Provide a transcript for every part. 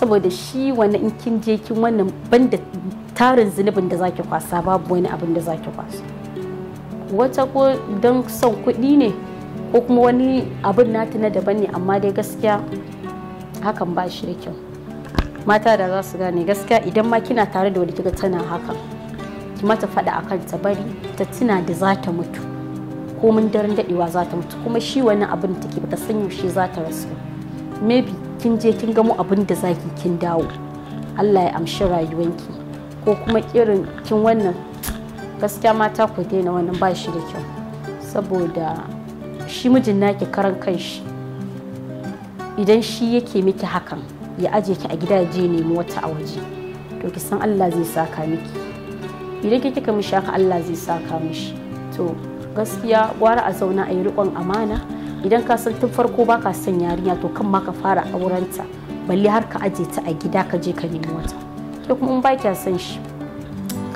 saboda shi wani in kin je kin wannan banda tarin zunubin da zaki kwasa babu wani abin da zaki kwasa wata ko don son kuɗi ne ko kuma wani abin nata na daban ne amma dai gaskiya hakan ba shi da kyau mata da za su gane gaskiya idan ma kina tare da wani kiga tana hakan ki mata faɗa akan ta bari ta tuna da za ta mutu ko mun daren daɗewa za ta mutu kuma shi wani abin take ta san yaushe za ta rasu maybe kin je kin gamo abin da zaki kin dawo Allah ya amshi rayuwanki ko kuma irin kin wannan gaskiya mata ku daina wannan ba shi da kyau saboda shi mijin naki karan kanshi idan shi yake miki hakan ya aje ki a gida je nemi wata a waje to ki san Allah zai saka miki idan kike kika mishi haka Allah zai saka mishi to gaskiya gwara a zauna a yi riƙon amana idan ka san tun farko ba ka son yarinya to kan ma ka fara aurenta balle har ka aje ta a gida ka je ka nemi wata ke kuma in ba kya san shi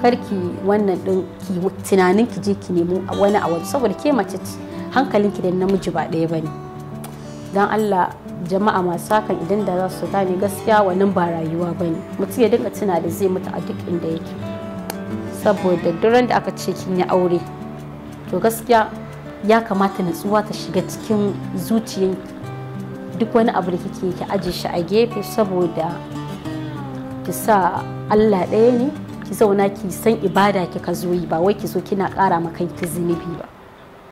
karki wannan din ki tunanin ki je ki nemi wani a waje saboda ke mace ce ki da namiji ba ɗaya bane dan Allah jama'a masu hakan idan da za su gane gaskiya wannan ba rayuwa bane mutum ya dinga tuna da zai mutu a duk inda yake saboda duran da aka ce kin yi aure to gaskiya ya kamata nutsuwa ta shiga cikin zuciyar duk wani abu da kike ki aje shi a gefe saboda ki sa Allah ɗaya ne ki zauna ki san ibada ka zo yi ba wai ki zo kina ƙara ma kanki zunubi ba